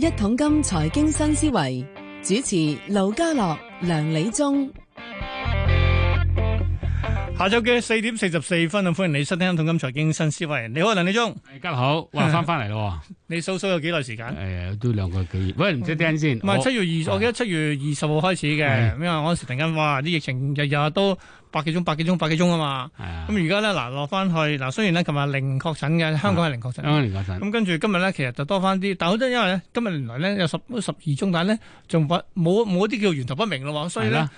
一桶金財經新思維主持：盧家樂、梁理中。下晝嘅四點四十四分啊，歡迎你收聽《同金財經新思維》。你好，梁理中。大家好。哇，翻翻嚟咯。 你收收有幾耐時間？誒、哎，都兩個幾月。喂，唔使聽先。唔係七月二我記得七月二十號開始嘅。因啊？嗰時突然間話啲疫情日，日日都百幾宗百幾宗百幾宗啊嘛。咁而家呢，嗱落翻去嗱、啊，雖然呢，琴日零確診嘅，香港係零確診、嗯。零確診。咁跟住今日呢，其實就多翻啲，但好多因為呢，今日原來呢，有十、十二宗，但係仲冇冇啲叫源頭不明咯，所以呢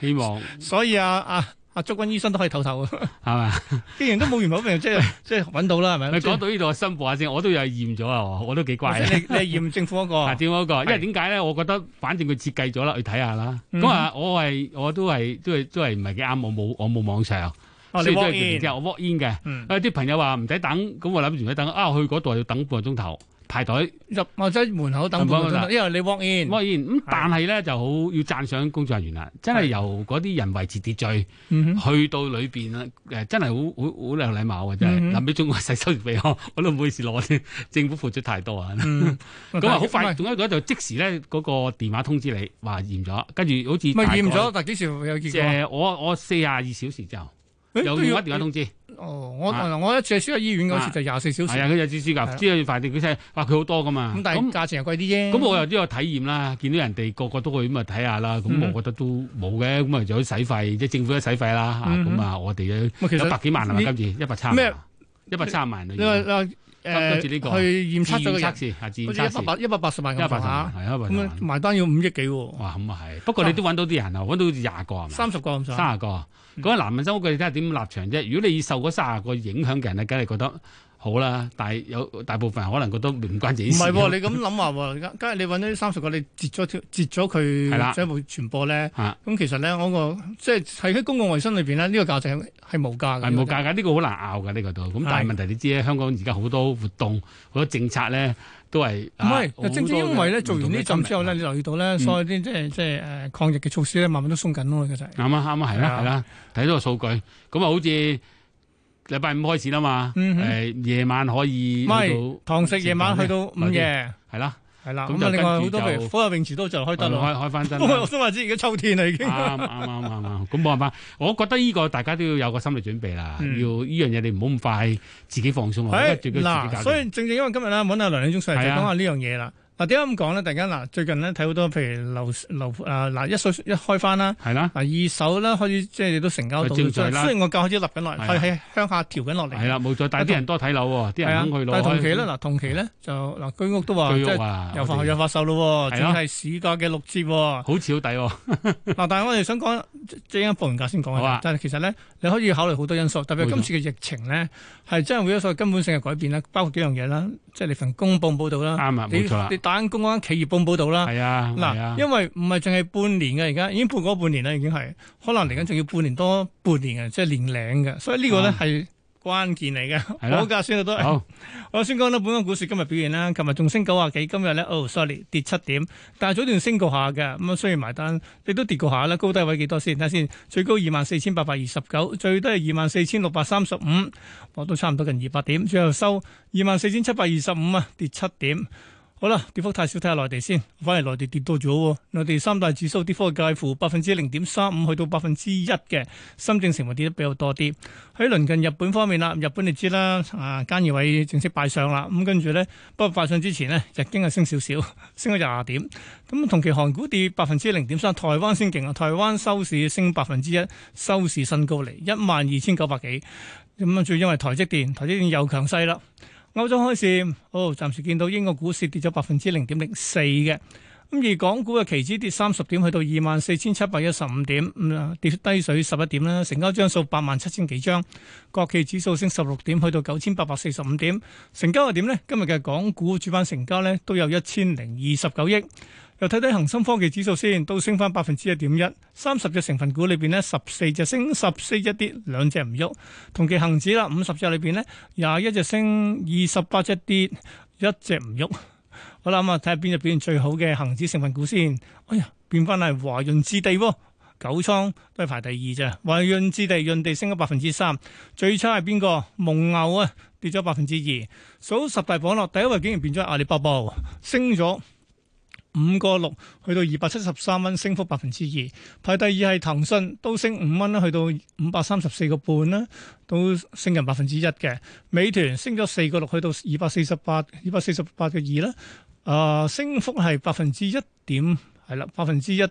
希望，所以啊，啊阿祝、啊、君醫生都可以唞唞啊，係嘛？既然都冇完冇病，即係即係搵到啦，係咪？你講到呢度，我申報下先，我都有驗咗啊，我都幾乖你你驗政府嗰、嗰個？係、 嗰個，因為點解咧？我覺得反正佢設計咗啦，去睇下啦。咁、嗯、啊，我係我都係都係都係唔係幾啱。我冇我冇網上，所、啊、以都係。然我 walk in 嘅，啲、嗯啊、朋友話唔使等，咁我諗住唔使等啊，我去嗰度要等半個鐘頭。排隊入我門，門口等，因為你 work in 咁，但係咧就好要讚賞工作人員啊！真係由嗰啲人維持秩序，去到裏邊啊，誒真係好好好有禮貌啊！真係，嗱、嗯、俾中國細收住鼻我都唔好意思攞政府付出太多啊！咁啊好快，仲有一個就即時咧嗰個電話通知你話驗咗，跟住好似驗咗，驗幾時有結果，呃？我我四廿二小時之後。又要打電話通知？哦，我我一住入醫院嗰時就廿四小時。係啊，佢又知書噶，知佢快啲叫出，佢好多噶嘛。咁但係價錢又貴啲啫。咁我又都有體驗啦，見到人哋個個都去咁啊睇下啦，咁我覺得都冇嘅，咁啊又都使費，即係政府都使費啦。咁啊，我哋啊一百幾萬啊，今次一百三，一百三萬。誒、這個、去驗測嘅人，好似一百八十萬咁上下，係埋單要五億幾喎、哦。哇，咁啊係，不過你都揾到啲人啊，揾 30 到好似廿個啊，三十個唔三十個。嗰、嗯、個南運洲屋嘅你睇下點立場啫。如果你受嗰三十個影響嘅人咧，梗係覺得。好啦，但大有大部分人可能覺得唔關自己事。唔係喎，你咁諗話，而家今日你揾咗三十個，你截咗條，截咗佢，全部傳播咧。咁其實咧，我個即係喺公共衞生裏邊咧，呢、呢個價值係無價嘅。係無價㗎，呢個好難拗㗎，呢、呢個都。咁但係問題係係你知咧，香港而家好多活動、好多政策咧，都係唔係？正正因為咧，做完呢針之後咧，你留意到咧、嗯，所有啲即係即係誒抗疫嘅措施咧，慢慢都鬆緊咗其實、嗯、就係啱啊，啱啊，係啦，係啦，睇到個數據，咁啊，好似。禮拜五開始啦嘛，誒夜晚可以到堂食，夜晚去到午夜，係啦，係啦。咁啊，另外好多火藥泳池都就開到，開開翻燈。我都話知而家秋天啦，已經啱啱啱啱。咁冇辦法，我覺得呢個大家都要有個心理準備啦，要呢樣嘢你唔好咁快自己放鬆啦。嗱，所以正正因為今日啦，揾阿梁理中上嚟講下呢樣嘢啦。嗱點解咁講咧？突然間嗱，最近咧睇好多譬如樓樓啊嗱，一手一開翻啦，係啦、啊，啊二手啦，開始即係都成交到，啊、雖然我夠開始立緊落，係喺鄉下調緊落嚟。係啦、啊，冇錯，但係啲人多睇樓喎、啊，啲人揾但係同期咧，嗱、啊、同期咧就嗱居屋都話，又、啊就是、發又發售咯，啊、只係市價嘅六折，好似好抵喎！嗱，但係我哋想講正一報完價先講啊，但係、啊、其實咧你可以考慮好多因素，特別今次嘅疫情咧係真係會有所根本性嘅改變啦，包括幾樣嘢啦，即係你份公報報道啦，啱啊，冇錯啦、啊。打公安企業報報道啦，嗱、啊啊，因為唔係淨係半年嘅，而家已經判個半年啦，已經係可能嚟緊仲要半年多半年嘅，即、就、係、是、年零嘅，所以呢個咧係關鍵嚟嘅。好、啊啊 嗯，我先講到本港股市今日表現啦。琴日仲升九啊幾，今日咧，哦，sorry，跌七點，但係早段升過下嘅咁啊，雖然埋單你都跌過下啦。高低位幾多先睇下先？最高二萬四千八百二十九，最低二萬四千六百三十五，我都差唔多近二百點。最後收二萬四千七百二十五啊，跌七點。好啦，跌幅太少，睇下內地先。反而內地跌多咗。內地三大指數跌幅介乎百分之零點三五去到百分之一嘅。深證成分跌得比較多啲。喺鄰近日本方面啦，日本你知啦，啊菅義偉正式拜相啦。咁跟住咧，不過拜相之前呢，日經係升少少，升咗廿點。咁同期韓股跌百分之零點三，台灣先勁啊！台灣收市升百分之一，收市新高嚟，一萬二千九百幾。咁啊，最因為台積電，台積電又強勢啦。歐洲開市，好、哦、暫時見到英國股市跌咗百分之零點零四嘅，咁而港股嘅期指跌三十點，去到二萬四千七百一十五點，咁啊跌低水十一點啦，成交張數八萬七千幾張，國企指數升十六點，去到九千八百四十五點，成交係點呢？今日嘅港股主板成交呢，都有一千零二十九億。又睇睇恒生科技指數先，都升翻百分之一點一，三十隻成分股裏邊呢，十四隻升，十四隻跌，兩隻唔喐。同期恒指啦，五十隻裏邊呢，廿一隻升，二十八隻跌，一隻唔喐。我諗啊，睇下邊隻表現最好嘅恒指成分股先。哎呀，變翻係華潤置地喎、哦，九倉都係排第二啫。華潤置地、潤地升咗百分之三，最差係邊個？蒙牛啊，跌咗百分之二。數十大榜落，第一位竟然變咗阿里巴巴，升咗。五個六去到二百七十三蚊，升幅百分之二。排第二係騰訊，都升五蚊啦，去到五百三十四個半啦，都升近百分之一嘅。美團升咗四個六，去到二百四十八，二百四十八個二啦，啊，升幅係百分之一點。係啦，百分之一點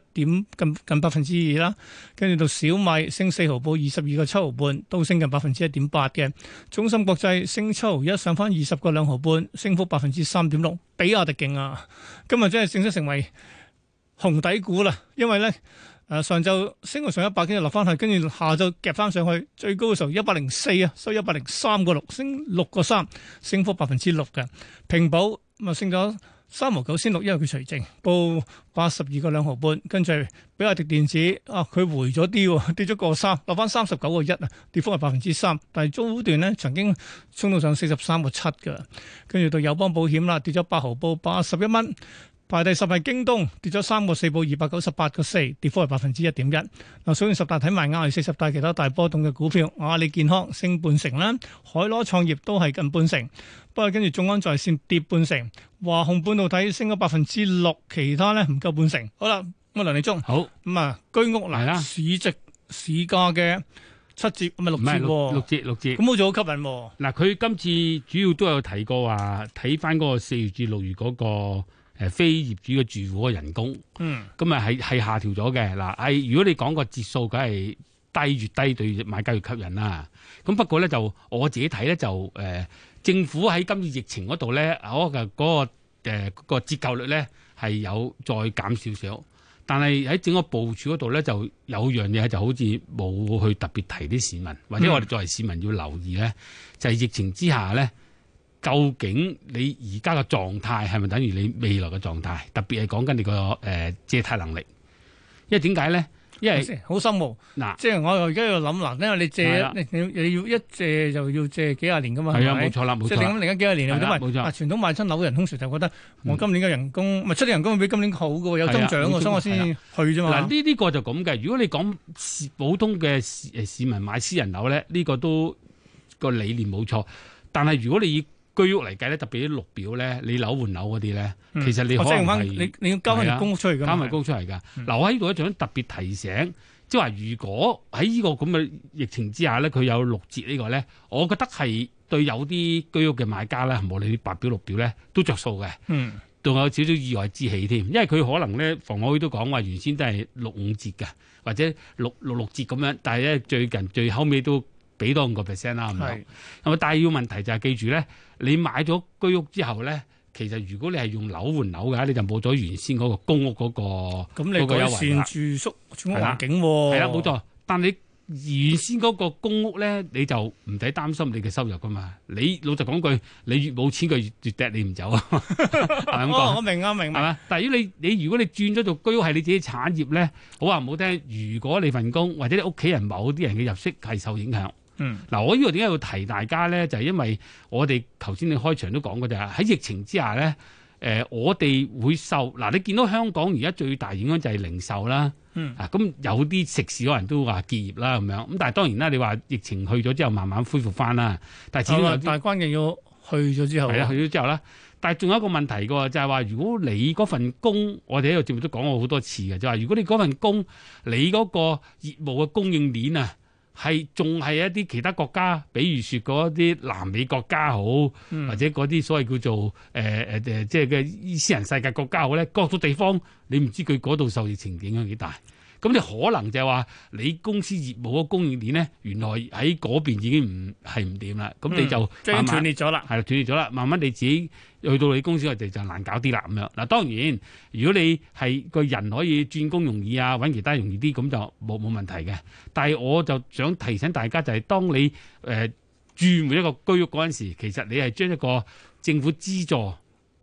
近近百分之二啦，跟住到小米升四毫半，二十二個七毫半，都升近百分之一點八嘅。中芯國際升七毫一，上翻二十個兩毫半，升幅百分之三點六，比亞迪勁啊！今日真係正式成為紅底股啦，因為咧上晝升到上一百幾，又落翻去，跟住下晝夾翻上去，最高嘅時候一百零四啊，收一百零三個六，升六個三，升幅百分之六嘅。平保咪升咗。三毫九先六一，因為佢除淨，報八十二個兩毫半，跟住比亞迪電子啊，佢回咗啲跌咗個三，落翻三十九個一啊，跌幅係百分之三，但係早段呢曾經衝到上四十三個七嘅，跟住到友邦保險啦，跌咗八毫報八十一蚊。排第十係京東，跌咗三個四報二百九十八個四，跌幅係百分之一點一。嗱，先十大睇埋亞利四十大，其他大波動嘅股票，阿里健康升半成啦，海螺創業都係近半成。不過跟住眾安在綫跌半成，華虹半導體升咗百分之六，其他咧唔夠半成。好啦，我梁理中好咁啊，居屋啦市值，啊、市價嘅七折唔係六,六,六折，六折六折咁好，似好吸引，啊。嗱，佢今次主要都有提過話，睇翻個四月至六月嗰、嗰個。誒非業主嘅住戶嘅人工，咁啊係係下調咗嘅。嗱，誒如果你講個折數，梗係低越低對買家越吸引啦。咁不過咧就我自己睇咧就誒政府喺今次疫情嗰度咧嗰個嗰個折扣率咧係有再減少少，但係喺整個部署嗰度咧就有一樣嘢就好似冇去特別提啲市民，或者我哋作為市民要留意咧，就係疫情之下咧。究竟你而家嘅狀態係咪等於你未來嘅狀態？特別係講緊你個誒、呃、借貸能力，因為點解咧？因為好深奧嗱，即係我而家又諗嗱，因為你，哦啊、你借你要，你要一借就要借幾廿年噶嘛，係啊，冇錯啦，冇錯，即幾廿年嚟講，冇錯。傳統買親樓嘅人通常就覺得我今年嘅人工唔、嗯、出年人工會比今年好嘅，有增長所以我先去啫嘛。嗱，呢啲、這個就咁嘅。如果你講普通嘅市民買私人樓咧，呢、這個都、這個理念冇錯，但係如果你居屋嚟計咧，特別啲綠表咧，你樓換樓嗰啲咧，其實你開係、嗯哦、你你要交埋公屋出嚟噶、啊、交加埋公屋出嚟噶、嗯，留喺呢度咧，仲特別提醒，即係話如果喺呢個咁嘅疫情之下咧，佢有六折呢、呢個咧，我覺得係對有啲居屋嘅買家咧，無論白表綠表咧，都着數嘅。嗯，仲有少少意外之喜添，因為佢可能咧，房委都講話原先都係六五折嘅，或者六六六折咁樣，但係咧最近最後尾都，俾多五個 percent 啦，係咪？咁啊，第二個問題就係記住咧，你買咗居屋之後咧，其實如果你係用樓換樓嘅，你就冇咗原先嗰個公屋嗰、那個嗰個那你個優惠住宿住、嗰個、環境係、啊、啦，冇、啊啊、錯。但你原先嗰個公屋咧，你就唔使擔心你嘅收入㗎嘛。你老實講句，你越冇錢就越，佢越掟你唔走啊。咁、哦、我明啊，我明嘛？係係 但係如果你你如果你轉咗做居屋係你自己產業咧，好話唔好聽， 如果你份工或者你屋企人某啲人嘅入息係受影響。嗯，嗱，我呢個點解要提大家咧？就係因為我哋頭先你開場都講過，就係喺疫情之下咧，誒，我哋會受嗱，你見到香港而家最大影響就係零售啦，嗯，啊，咁有啲食肆都人都話結業啦，咁樣，咁但係當然啦，你話疫情去咗之後慢慢恢復翻啦，但係始終但係關鍵要去咗之後係啊，去咗之後啦，但係仲有一個問題噶，就係話如果你嗰份工，我哋喺度節目都講過好多次嘅，就係如果你嗰份工，你嗰個業務嘅供應鏈啊。係仲係一啲其他國家，比如說嗰一啲南美國家好，或者嗰啲所謂叫做誒誒誒即係嘅伊斯蘭世界國家好咧，各個地方你唔知佢嗰度受疫情影響幾大。咁你可能就話你公司業務個供應鏈咧，原來喺嗰邊已經唔係唔掂啦，咁你就即、嗯、斷裂咗啦，係斷裂咗啦，慢慢你自己去到你公司，我哋就難搞啲啦咁樣。嗱當然，如果你係個人可以轉工容易啊，揾其他容易啲，咁就冇冇問題嘅。但係我就想提醒大家，就是，就係當你誒、呃、住每一個居屋嗰陣時，其實你係將一個政府資助。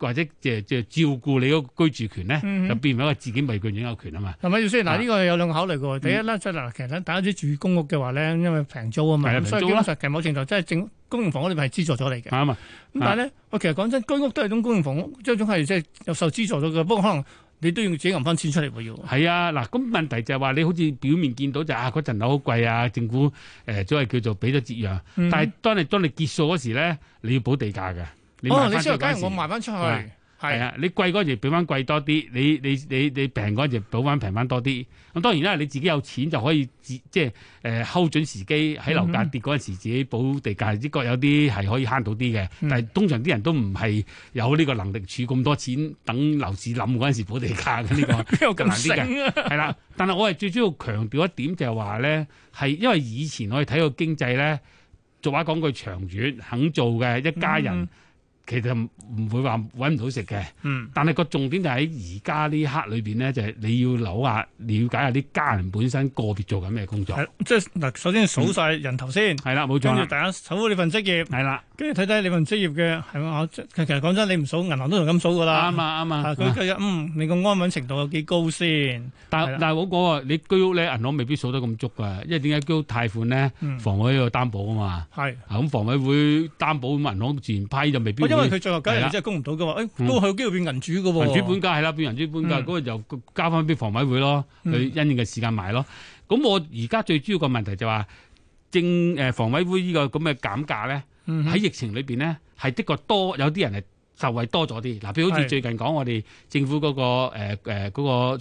或者即係即係照顧你嗰個居住權咧、嗯，就變咗一個自己物業擁有權啊嘛。係咪先？嗱，呢個有兩個考慮嘅。第一啦，即、嗯、嗱，其實大家啲住公屋嘅話咧，因為平租啊嘛，所以講其實冇證就即係政公營房嗰啲係資助咗你嘅。係咁但係咧、啊，我其實講真，居屋都係種公營房屋，即係係即係有受資助咗嘅。不過可能你都要自己揾翻錢出嚟喎要。係啊，嗱，咁問題就係話，你好似表面見到就是、啊，嗰層樓好貴啊，政府誒即、呃、叫做俾咗折讓、嗯，但係當你當你結數嗰時咧，你要補地價嘅。可能你出去，假如我賣翻出去，係啊，你貴嗰陣時補翻貴多啲，你你你你平嗰陣時補翻平翻多啲。咁當然啦，你自己有錢就可以自即係誒，睺、呃、準時機喺樓價跌嗰陣時自己補地價，啲、嗯、確、這個、有啲係可以慳到啲嘅、嗯。但係通常啲人都唔係有呢個能力儲咁多錢等樓市冧嗰陣時補地價呢、這個， 有、啊、難啲嘅，係啦，但係我係最主要強調一點就係話咧，係因為以前我哋睇個經濟咧，俗話講句長遠肯做嘅一家人。嗯其實唔會話揾唔到食嘅、嗯，但係個重點就喺而家呢刻裏邊咧，就係、是、你要扭下了解下啲家人本身個別做緊咩工作。即係嗱，首先數晒人頭先，跟、嗯、住大家數好呢份職業。是跟住睇睇你份職業嘅，係嘛？其實講真，你唔數銀行都係咁數噶啦。啱啊，啱啊！佢、嗯、今嗯，嗯，你個安穩程度有幾高先？但但係我講你居屋咧，銀行未必數得咁足噶，因為點解居屋貸款咧，房委會有擔保啊嘛。係咁、啊、房委會擔保咁啊，銀行自然批就未必。因為佢最後梗係真係供唔到噶喎，誒、哎、都有好機會變銀主噶喎、嗯。銀主本家係啦，變銀主本家，嗰、嗯、個就交翻俾房委會咯，佢、嗯、因應嘅時間賣咯。咁我而家最主要個問題就話、是，正誒房委會這個減價呢個咁嘅減價咧。喺疫情裏邊咧，係的確多有啲人係受惠多咗啲。嗱，譬如好似最近講我哋政府嗰、嗰個誒誒嗰個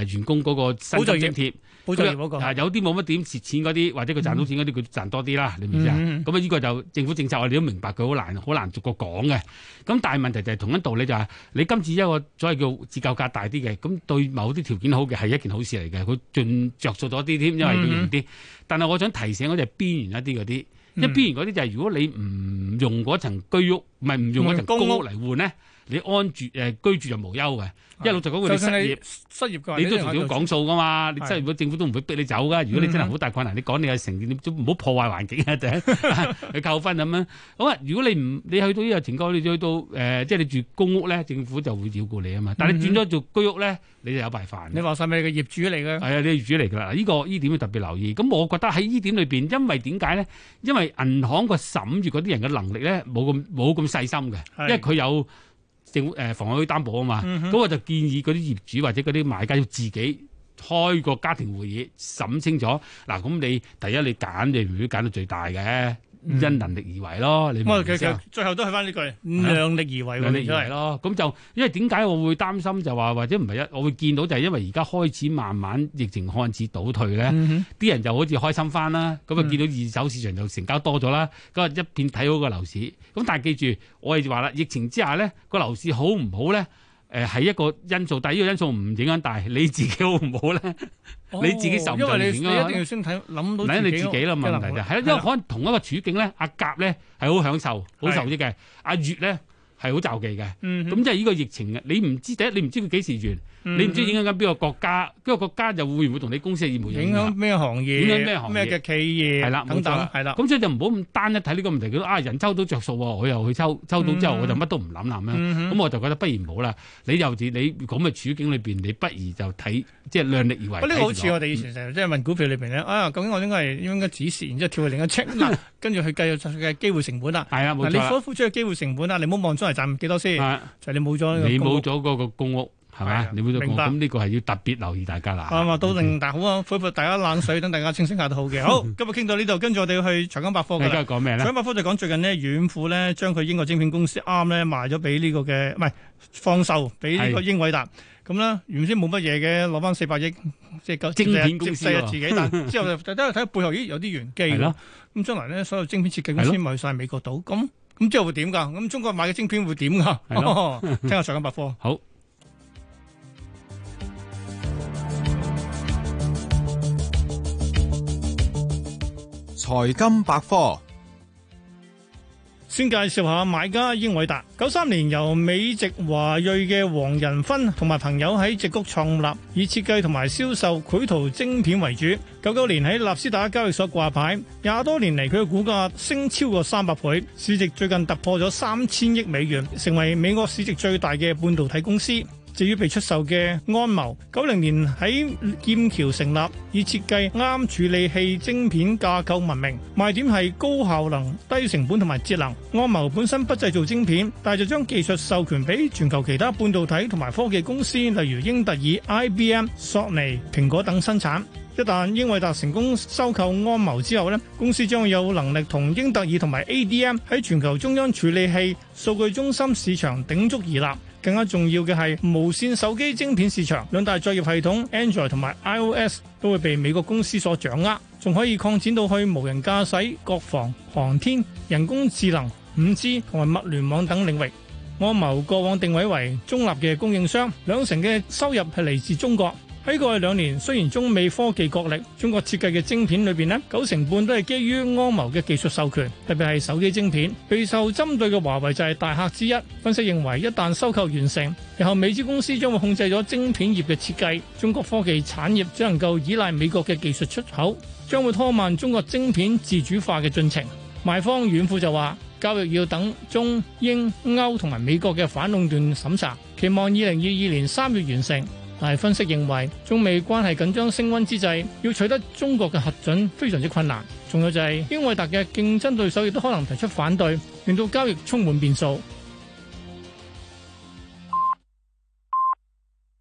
誒員工嗰個薪金津貼，補貼、嗰個、有啲冇乜點蝕錢嗰啲，或者佢賺到錢嗰啲，佢、嗯、賺多啲啦。你明唔明咁啊？依、嗯、個就政府政策，我哋都明白佢好難好難逐個講嘅。咁但係問題就係同一道理就係、是，你今次一個所謂叫折舊價大啲嘅，咁對某啲條件好嘅係一件好事嚟嘅，佢盡着數咗啲添，因為易啲、嗯。但係我想提醒嗰就係邊緣一啲嗰啲。一邊嗰啲就係如果你唔用嗰層居屋。唔係唔用嗰條公屋嚟換咧？你安住誒、呃、居住就無憂嘅。因為老實講，你失業失業嘅，你都同要講數噶嘛。你失業，政府都唔會逼你走噶。如果你真係好大困難，你講你嘅成，你都唔好破壞環境啊，就係你扣分咁樣。好啊，如果你唔你去到呢個情況，你去到誒，即、呃、係、就是、你住公屋咧，政府就會照顧你啊嘛。但係你轉咗做居屋咧，你就有辦法、嗯。你話晒咩嘅業主嚟嘅？係啊，你業主嚟㗎啦。呢、這個呢點要特別留意。咁我覺得喺呢點裏邊，因為點解咧？因為銀行個審住嗰啲人嘅能力咧，冇咁冇咁，細心嘅，因為佢有政府誒房委會擔保啊嘛，咁我就建議嗰啲業主或者嗰啲買家要自己開個家庭會議審清楚。嗱，咁你第一你揀，你如果揀到最大嘅。嗯、因能力而為咯，你唔好其實最後都係翻呢句、啊、量力而為、量力而為咯，咁就因為點解我會擔心就話或者唔係一，我會見到就係因為而家開始慢慢疫情開始倒退咧，啲、嗯、人就好似開心翻啦，咁啊見到二手市場就成交多咗啦，咁、嗯、啊一片睇好個樓市，咁但係記住我哋就話啦，疫情之下咧個樓市好唔好咧？誒係一個因素，但係呢個因素唔影響大你自己好唔好咧？哦、你自己受唔受影響啊？你一定要先睇諗到你自己啦，問題就係、哦、因為可能、哦、同一個處境咧，阿甲咧係好享受、好受益嘅，阿的、啊、月咧。係好、嗯、就忌嘅。咁即係呢個疫情嘅，你唔知第一你唔知佢幾時完，你唔知影響緊邊個國家，邊個國家就會唔會同你公司嘅業務影響？咩行業？影響咩嘅企業？係啦，等等係啦，咁所以就唔好咁單一睇呢個問題。佢話啊人抽到着數喎，我又去抽抽到之後我就乜都唔諗啦，咁我就覺得不如唔好啦。你又似你咁嘅處境裏邊，你不如就睇即係量力而為。呢個好似我哋以前成日、嗯、即係問股票裏邊咧啊，究竟我應該係應該止蝕，然之後跳去另一隻，跟 住去計入嘅機會成本啦。係啊，冇錯。啊你所付出嘅機會成本啦，你冇望中賺幾多先、啊？就係、你冇咗，你冇咗嗰個公屋係嘛？你冇咗公屋，咁呢、啊、個係要特別留意大家啦。啊嘛，到令大好啊，潑潑大家冷水，等大家清醒下都好嘅。好，今日傾到呢度，跟住我哋去長江百科。嘅。而家講咩咧？長江百科就講最近呢，遠富呢將佢英國晶片公司啱咧賣咗俾呢個嘅唔係放售俾呢個英偉達咁啦。原先冇乜嘢嘅，攞翻四百億，即、就、係、是、個晶片公司。自己但之後就都係睇背後，咦，有啲玄機。咁、嗯、將來呢，所有晶片設計公司咪去曬美國度咁。咁之後會點噶？咁中國買嘅晶片會點噶？係咯，聽下財金百科。好，財金百科。先介紹下買家英偉達。九三年由美籍華裔嘅黃仁勳同埋朋友喺矽谷創立，以設計同埋銷售繪圖晶片為主。九九年喺納斯達克交易所掛牌，廿多年嚟佢嘅股價升超過三百倍，市值最近突破咗三千億美元，成為美國市值最大嘅半導體公司。至於被出售嘅安謀，九零年喺劍橋成立，以設計啱處理器晶片架構聞名，賣點係高效能、低成本同埋節能。安謀本身不製造晶片，但係就將技術授權俾全球其他半導體同埋科技公司，例如英特爾、IBM、索尼、蘋果等生產。一旦英偉達成功收購安謀之後呢，公司將有能力同英特爾同埋 AMD 喺全球中央處理器數據中心市場鼎足而立。更加重要嘅係無線手機晶片市場，兩大作業系統 Android 同埋 iOS 都會被美國公司所掌握，仲可以擴展到去無人駕駛、國防、航天、人工智能、五 G 同埋物聯網等領域。安謀過往定位為中立嘅供應商，兩成嘅收入係嚟自中國。喺過去兩年，雖然中美科技角力，中國設計嘅晶片裏邊九成半都係基於安謀嘅技術授權，特別係手機晶片，備受針對嘅華為就係大客之一。分析認為，一旦收購完成，然後美資公司將會控制咗晶片業嘅設計，中國科技產業只能夠依賴美國嘅技術出口，將會拖慢中國晶片自主化嘅進程。賣方遠富就話，交易要等中英歐同埋美國嘅反壟斷審查，期望二零二二年三月完成。但係，分析認為，中美關係緊張升溫之際，要取得中國嘅核准非常之困難。仲有就係英偉達嘅競爭對手亦都可能提出反對，令到交易充滿變數。